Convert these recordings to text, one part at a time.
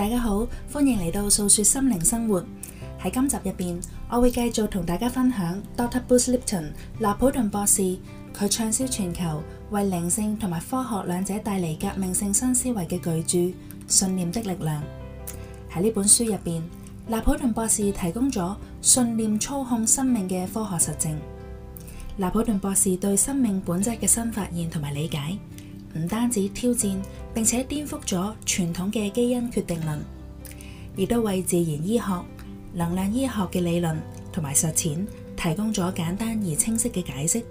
大家好，歡迎嚟到訴說心靈生活。喺今集入邊，我會繼續同大家分享 Dr. Bruce Lipton 立普頓博士，佢暢銷全球，為靈性同埋科學兩者帶嚟革命性新思維嘅巨著《信念的力量》。喺呢本書入邊，立普頓博士提供咗信念操控生命嘅科學實證。立普頓博士對生命本質嘅新發現同埋理解，唔單止挑戰，並且顛覆咗傳統嘅基因決定論，亦都為自然醫學、能量醫學嘅理論同埋實踐提供咗簡單而清晰嘅解釋，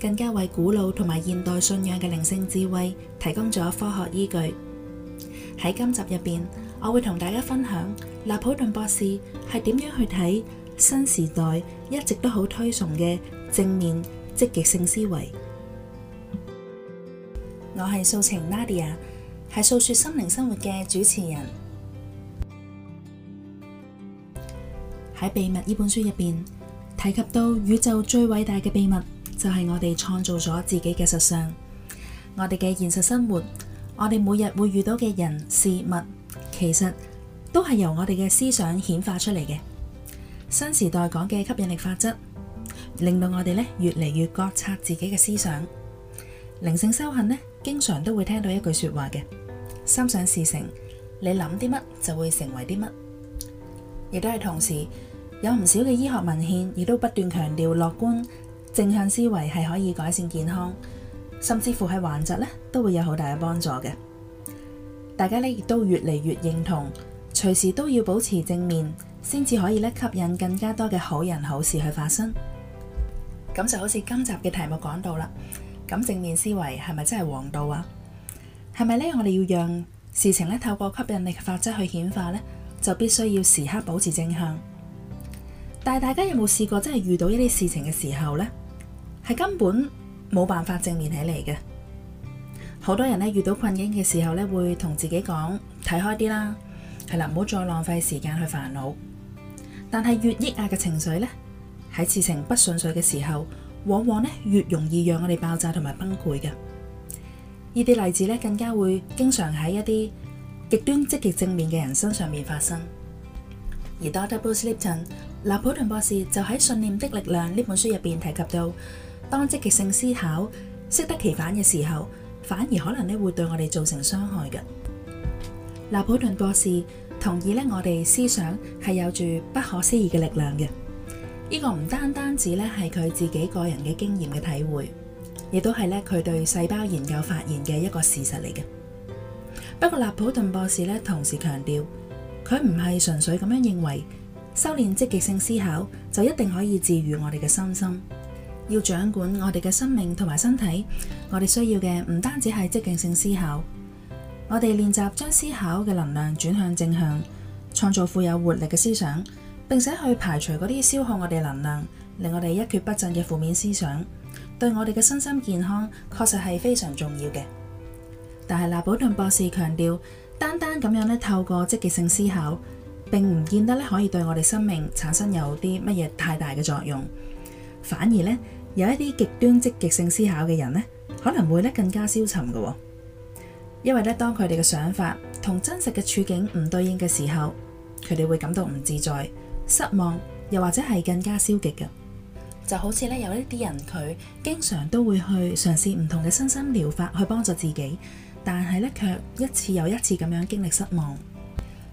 更加為古老同埋現代信仰嘅靈性智慧提供咗科學依據。喺今集入邊，我會同大家分享立普頓博士係點樣去睇新時代一直都好推崇嘅正面積極性思維。我係素晴 Nadia，係素晴心靈生活嘅主持人。喺《秘密》呢本書入邊提及到宇宙最偉大嘅秘密就係、是、我哋創造咗自己嘅實相。我哋嘅現實生活，我哋每日會遇到嘅人事物，其實都係由我哋嘅思想顯化出嚟嘅。新時代講嘅吸引力法則，令到我哋咧越嚟越覺察自己嘅思想。靈性修行咧。經常都會聽到一句說話嘅，心想事成，你諗啲乜就會成為啲乜，亦都係同時有唔少嘅醫學文獻，亦都不斷強調樂觀正向思維係可以改善健康，甚至乎係患疾咧都會有好大嘅幫助嘅。大家咧亦都越嚟越認同，隨時都要保持正面，先至可以咧吸引更加多嘅好人好事去發生。咁就好似今集嘅題目講到啦。咁正面思維係咪真係王道啊？係咪咧？我哋要讓事情咧透過吸引力嘅法則去顯化咧，就必須要時刻保持正向。但係大家有冇試過真係遇到一啲事情嘅時候咧，係根本冇辦法正面起嚟嘅。好多人咧遇到困境嘅時候咧，會同自己講，睇開啲啦，係啦，唔好再浪費時間去煩惱。但係越抑壓嘅情緒咧，喺事情不順遂嘅時候，往往咧越容易讓我哋爆炸同埋崩潰嘅，呢啲例子咧更加會經常喺一啲極端積極正面嘅人身上面發生。而 Dr. Bruce Lipton 立普頓博士就喺《信念的力量》呢本書入邊提及到，當積極性思考適得其反嘅時候，反而可能咧會對我哋造成傷害嘅。立普頓博士同意咧，我哋思想係有住不可思議嘅力量嘅。呢個唔單單止咧係佢自己個人嘅經驗嘅體會，亦都係咧佢對細胞研究發現嘅一個事實嚟嘅。不過立普頓博士咧同時強調，佢唔係純粹咁樣認為修煉積極性思考就一定可以治癒我哋嘅身心。要掌管我哋嘅生命同埋身體，我哋需要嘅唔單止係積極性思考，我哋練習將思考嘅能量轉向正向，創造富有活力嘅思想。並且去排除嗰啲消耗我哋能量，令我哋一蹶不振嘅負面思想，對我哋嘅身心健康確實係非常重要嘅。但係立普頓博士強調，單單咁樣透過積極性思考，並唔見得可以對我哋生命產生有啲乜嘢太大嘅作用。反而呢，有一啲極端積極性思考嘅人呢，可能會更加消沉㗎喎。因為呢，當佢哋嘅想法同真實嘅處境唔對應嘅時候，佢哋會感到唔自在。失望，又或者係更加消極嘅。就好似呢，有一啲人佢經常都會去嘗試唔同嘅身心療法去幫助自己，但係呢，卻一次又一次咁樣經歷失望。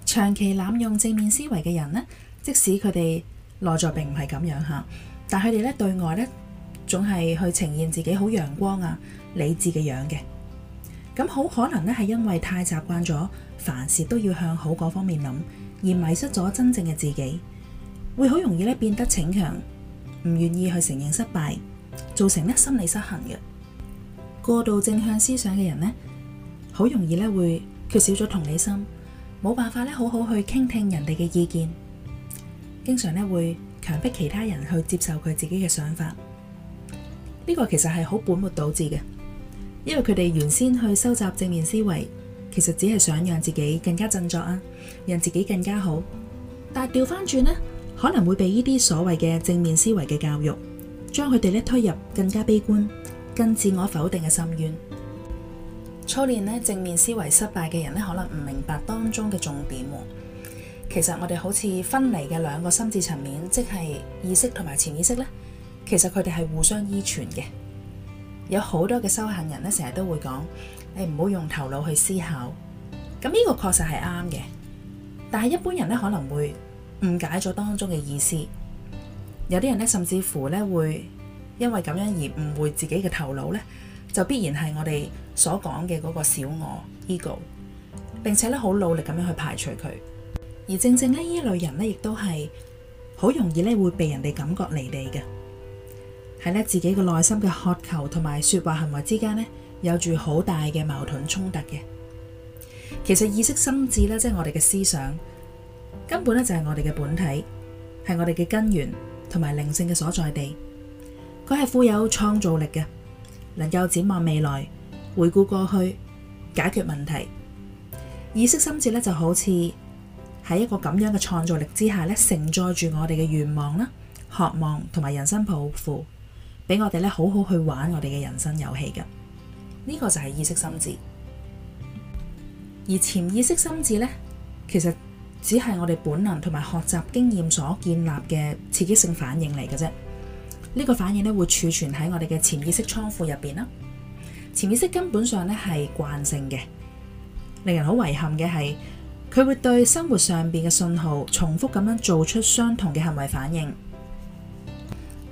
長期濫用正面思維嘅人呢，即使佢哋內在並唔係咁樣吓，但佢哋呢，對外呢，總係去呈現自己好陽光啊、理智嘅樣嘅。咁好可能呢，係因為太習慣咗凡事都要向好嗰方面諗，而迷失咗真正嘅自己。會好容易咧，變得逞強，唔願意去承認失敗，造成咧心理失衡嘅。過度正向思想嘅人咧，好容易咧會缺少咗同理心，冇辦法咧，好好去傾聽人哋嘅意見，經常咧會強迫其他人去接受佢自己嘅想法。呢個其實係好本末倒置嘅，因為佢哋原先去收集正面思維，其實只係想讓自己更加振作啊，讓自己更加好，但係調翻轉咧。可能會被呢啲所謂嘅正面思維嘅教育，將佢哋咧推入更加悲觀、更自我否定嘅深淵。初年咧正面思維失敗嘅人咧，可能唔明白當中嘅重點。其實我哋好似分離嘅兩個心智層面，即係意識同埋潛意識咧。其實佢哋係互相依存嘅。有好多嘅修行人咧，成日都會講：誒唔好用頭腦去思考。咁、這、呢個確實係啱嘅，但係一般人咧可能會，誤解咗當中嘅意思，有啲人呢甚至乎呢會因為咁樣而誤會自己嘅頭腦呢就必然係我哋所講嘅嗰個小我 ego，並且呢好努力咁樣去排除佢。而正正咧呢一類人呢亦都係好容易呢會被人哋感覺離地嘅，係呢自己嘅內心嘅渴求同埋說話行為之間呢，有住好大嘅矛盾衝突嘅。其實意識心智呢，即係我哋嘅思想。根本咧就係我哋嘅本體，係我哋嘅根源同埋靈性嘅所在地。佢係富有創造力嘅，能夠展望未來、回顧過去、解決問題。意識心智咧就好似喺一個咁樣嘅創造力之下咧，承載住我哋嘅願望啦、渴望同埋人生抱負，俾我哋咧好好去玩我哋嘅人生遊戲嘅。呢個就係意識心智，而潛意識心智咧，其實。只係我哋本能同埋學習經驗所建立嘅刺激性反應嚟嘅啫。呢、這個反應咧會儲存喺我哋嘅潛意識倉庫入邊啦。潛意識根本上咧係慣性嘅，令人好遺憾嘅係佢會對生活上邊嘅信號重複咁樣做出相同嘅行為反應，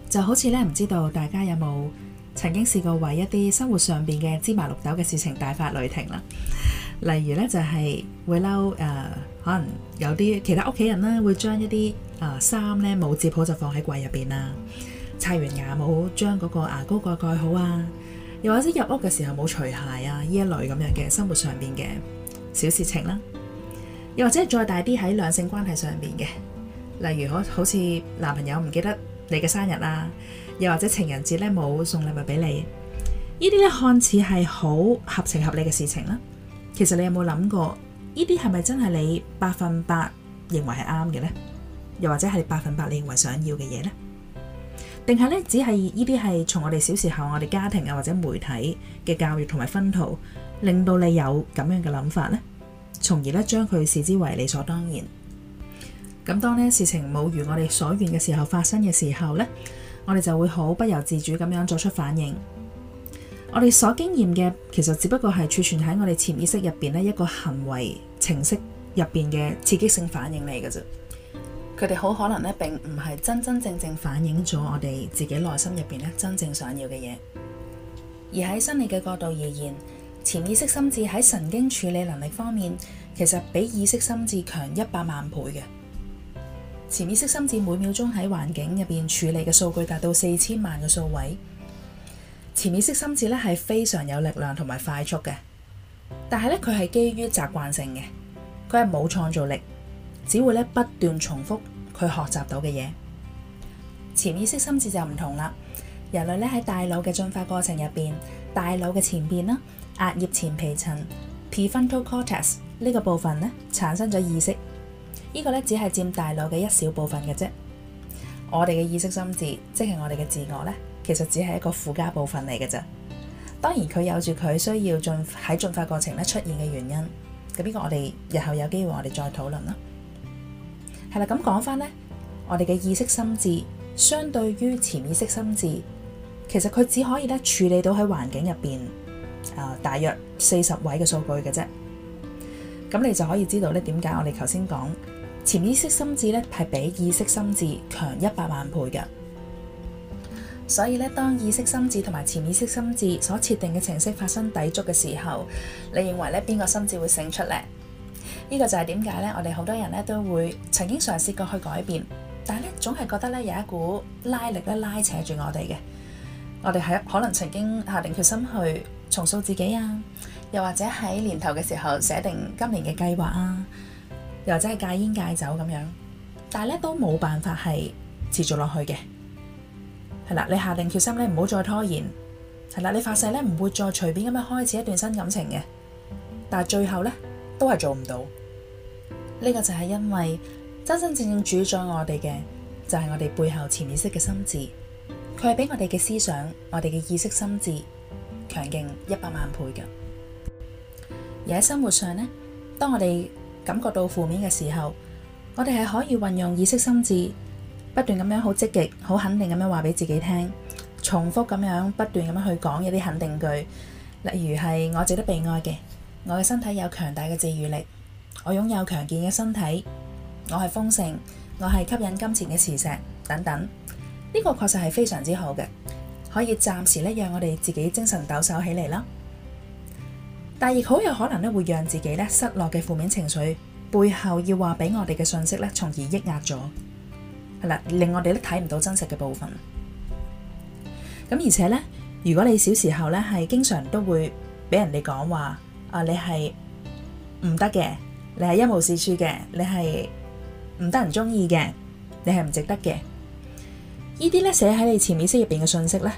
就好似咧唔知道大家有冇曾經試過為一啲生活上邊嘅芝麻綠豆嘅事情大發雷霆啦。例如咧就係、是、會嬲誒。Uh, 可能有啲其他屋企人咧，會將一啲啊衫咧冇折好就放喺櫃入邊啦，刷完牙冇將嗰個牙膏蓋蓋好啊，又或者入屋嘅時候冇除鞋啊，呢一類咁樣嘅生活上邊嘅小事情啦，又或者再大啲喺兩性關係上邊嘅，例如好好似男朋友唔記得你嘅生日啊，又或者情人節咧冇送禮物俾你，呢啲咧看似係好合情合理嘅事情啦，其實你有冇諗過？呢啲係咪真係你百分百認為係啱嘅呢？又或者係百分百你認為想要嘅嘢呢？定係呢？只係呢啲係從我哋小時候我哋家庭啊或者媒體嘅教育同埋熏陶，令到你有咁樣嘅諗法呢，從而呢將佢視之為理所當然。咁當呢事情冇如我哋所願嘅時候發生嘅時候呢，我哋就會好不由自主咁樣作出反應。我哋所經驗嘅，其實只不過係儲存喺我哋潛意識入邊咧一個行為程式入邊嘅刺激性反應嚟嘅啫。佢哋好可能咧並唔係真真正正反映咗我哋自己內心入邊咧真正想要嘅嘢。而喺生理嘅角度而言，潛意識心智喺神經處理能力方面，其實比意識心智強一百萬倍嘅。潛意識心智每秒鐘喺環境入邊處理嘅數據達到四千萬個數位。潛意識心智咧係非常有力量同埋快速嘅，但係咧佢係基於習慣性嘅，佢係冇創造力，只會咧不斷重複佢學習到嘅嘢。潛意識心智就唔同啦，人類咧喺大腦嘅進化過程入邊，大腦嘅前邊啦，額葉前皮層 （prefrontal cortex） 呢個部分咧產生咗意識，這個、呢個咧只係佔大腦嘅一小部分嘅啫。我哋嘅意識心智，即係我哋嘅自我咧。其實只係一個附加部分嚟嘅啫，當然佢有住佢需要進喺進化過程咧出現嘅原因，咁呢個我哋日後有機會我哋再討論啦。係啦，咁講翻呢，我哋嘅意識心智相對於潛意識心智，其實佢只可以咧處理到喺環境入邊啊大約四十位嘅數據嘅啫。咁你就可以知道咧點解我哋頭先講潛意識心智咧係比意識心智強一百萬倍嘅。所以咧，當意識心智同埋潛意識心智所設定嘅程式發生抵觸嘅時候，你認為咧邊個心智會勝出呢？呢、呢個就係點解咧？我哋好多人咧都會曾經嘗試，試過去改變，但係咧總係覺得咧有一股拉力咧拉扯住我哋嘅。我哋喺可能曾經下定決心去重塑自己啊，又或者喺年頭嘅時候寫定今年嘅計劃啊，又或者係戒煙戒酒咁樣，但係咧都冇辦法係持續落去嘅。係啦，你下定決心咧，唔好再拖延。係啦，你發誓咧，唔會再隨便咁樣開始一段新感情嘅。但係最後咧，都係做唔到。呢、這個就係因為真真正正主宰我哋嘅，就係、是、我哋背後潛意識嘅心智。佢係比我哋嘅思想、我哋嘅意識心智，強勁一百萬倍噶。而喺生活上咧，當我哋感覺到負面嘅時候，我哋係可以運用意識心智。不斷咁樣好積極、好肯定咁樣話俾自己聽，重複咁樣不斷咁樣去講一啲肯定句，例如係我值得被愛嘅，我嘅身體有強大嘅治癒力，我擁有強健嘅身體，我係豐盛，我係吸引金錢嘅磁石等等。呢個確實係非常之好嘅，可以暫時咧讓我哋自己精神抖擻起嚟啦。但亦好有可能咧，會讓自己咧失落嘅負面情緒背後要話俾我哋嘅信息咧，從而抑壓咗。係啦，令我哋都睇唔到真實嘅部分。咁而且咧，如果你小時候咧係經常都會俾人哋講話啊，你係唔得嘅，你係一無是處嘅，你係唔得人中意嘅，你係唔值得嘅。呢啲咧寫喺你潛意識入邊嘅信息咧，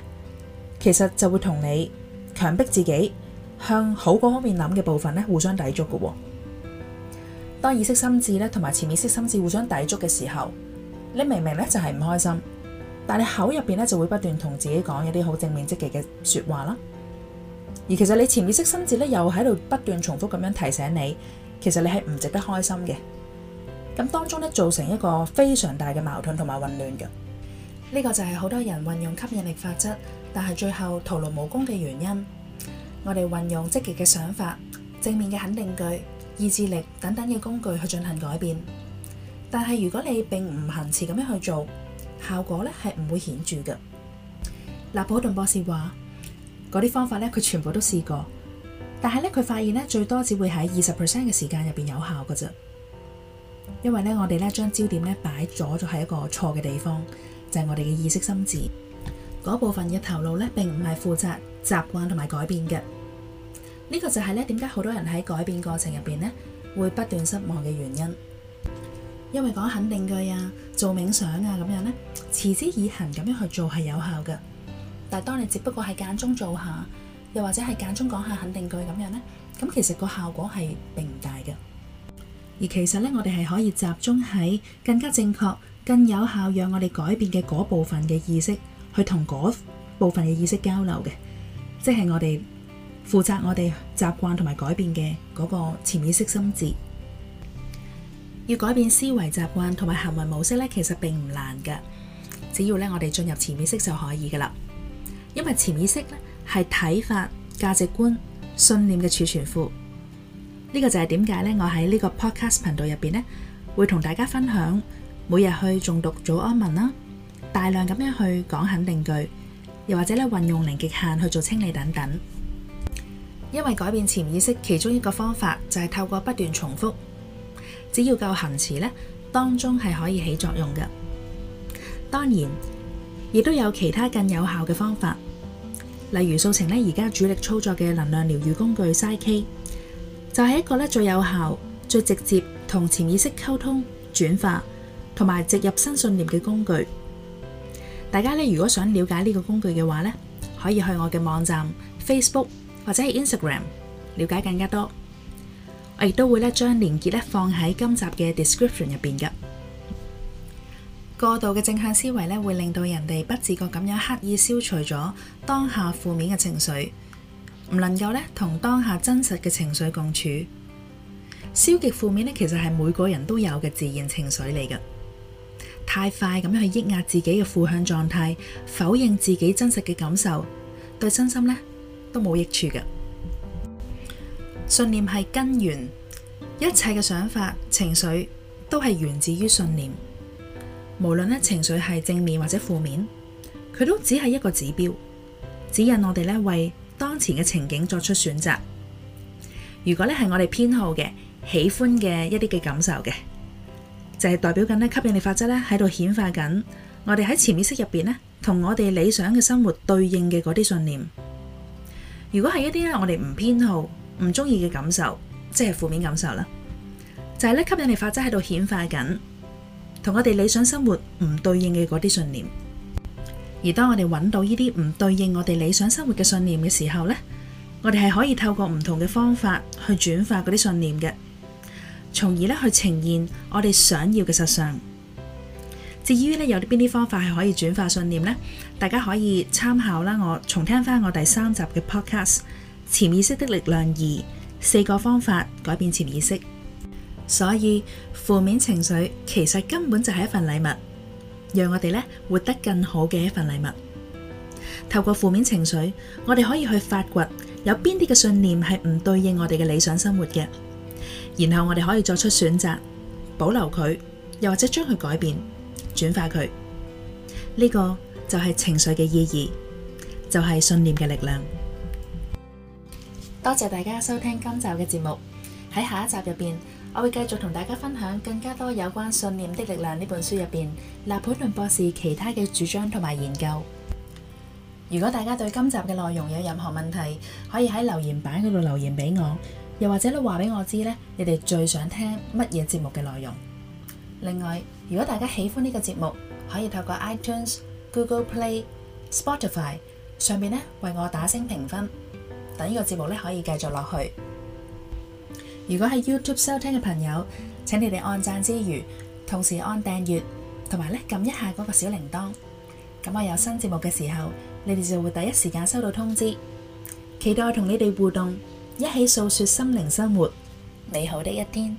其實就會同你強迫自己向好嗰方面諗嘅部分咧互相抵觸嘅，哦。當意識心智咧同埋潛意識心智互相抵觸嘅時候。你明明咧就係唔開心，但你口入邊咧就會不斷同自己講一啲好正面積極嘅說話啦，而其實你潛意識心智咧又喺度不斷重複咁樣提醒你，其實你係唔值得開心嘅。咁當中咧造成一個非常大嘅矛盾同埋混亂嘅，呢個就係好多人運用吸引力法則，但係最後徒勞無功嘅原因。我哋運用積極嘅想法、正面嘅肯定句、意志力等等嘅工具去進行改變。但係如果你並唔恆持咁樣去做，效果咧係唔會顯著嘅。嗱，立普頓博士話嗰啲方法咧，佢全部都試過，但係咧佢發現咧最多只會喺二十 percent 嘅時間入邊有效嘅啫。因為咧，我哋咧將焦點咧擺咗咗喺一個錯嘅地方，就係、是、我哋嘅意識心智嗰部分嘅頭腦咧，並唔係負責習慣同埋改變嘅。呢、這個就係咧點解好多人喺改變過程入邊咧會不斷失望嘅原因。因為講肯定句啊、做冥想啊咁樣呢，持之以恆咁樣去做係有效嘅。但係當你只不過係間中做下，又或者係間中講下肯定句咁樣呢，咁其實個效果係並唔大嘅。而其實呢，我哋係可以集中喺更加正確、更有效，讓我哋改變嘅嗰部分嘅意識，去同嗰部分嘅意識交流嘅，即係我哋負責我哋習慣同埋改變嘅嗰個潛意識心智。要改變思維習慣同埋行為模式咧，其實並唔難噶。只要咧，我哋進入潛意識就可以噶啦。因為潛意識咧係睇法、價值觀、信念嘅儲存庫。呢個就係點解咧？我喺呢個 podcast 頻道入邊咧，會同大家分享每日去誦讀早安文啦，大量咁樣去講肯定句，又或者咧運用零極限去做清理等等。因為改變潛意識，其中一個方法就係透過不斷重複。只要夠恆持咧，當中係可以起作用嘅。當然，亦都有其他更有效嘅方法，例如素晴而家主力操作嘅能量療愈工具 PSYCH-K 就係一個咧最有效、最直接同潛意識溝通、轉化同埋植入新信念嘅工具。大家咧如果想了解呢個工具嘅話咧，可以去我嘅網站、Facebook 或者係 Instagram 了解更加多。亦都會咧將連結放喺今集嘅 description 入邊嘅。過度嘅正向思維咧，會令到人哋不自覺咁樣刻意消除咗當下負面嘅情緒，唔能夠咧同當下真實嘅情緒共處。消極負面咧，其實係每個人都有嘅自然情緒嚟嘅。太快咁樣去抑壓自己嘅負向狀態，否認自己真實嘅感受，對身心咧都冇益處嘅。信念係根源，一切嘅想法、情緒都係源自於信念。無論咧情緒係正面或者負面，佢都只係一個指標，指引我哋咧為當前嘅情景作出選擇。如果咧係我哋偏好嘅、喜歡嘅一啲嘅感受嘅，就係代表緊咧吸引力法則咧喺度顯化緊我哋喺潛意識入邊咧同我哋理想嘅生活對應嘅嗰啲信念。如果係一啲咧我哋唔偏好。唔中意嘅感受，即係負面感受啦。就係咧，吸引力法則喺度顯化緊，同我哋理想生活唔對應嘅嗰啲信念。而當我哋揾到呢啲唔對應我哋理想生活嘅信念嘅時候呢，我哋係可以透過唔同嘅方法去轉化嗰啲信念嘅，從而咧去呈現我哋想要嘅實相。至於咧有邊啲方法係可以轉化信念呢，大家可以參考啦。我重聽翻我第三集嘅 podcast。潛意識的力量二，四個方法改變潛意識。所以負面情緒其實根本就係一份禮物，讓我哋咧活得更好嘅一份禮物。透過負面情緒，我哋可以去發掘有邊啲嘅信念係唔對應我哋嘅理想生活嘅，然後我哋可以作出選擇，保留佢，又或者將佢改變、轉化佢。呢個就係情緒嘅意義，就係信念嘅力量。多謝大家收聽今集嘅節目。喺下一集入邊，我會繼續同大家分享更加多有關《信念的力量》呢本書入邊，立普頓博士其他嘅主張同埋研究。如果大家對今集嘅內容有任何問題，可以喺留言板嗰度留言俾我，又或者你話俾我知咧，你哋最想聽乜嘢節目嘅內容。另外，如果大家喜歡呢個節目，可以透過 iTunes、Google Play、Spotify 上面咧為我打聲評分。等呢個節目咧可以繼續落去。如果喺 YouTube 收聽嘅朋友，請你哋按讚之餘，同時按訂閱，同埋咧撳一下嗰個小鈴鐺。咁我有新節目嘅時候，你哋就會第一時間收到通知。期待同你哋互動，一起訴說心靈生活美好的一天。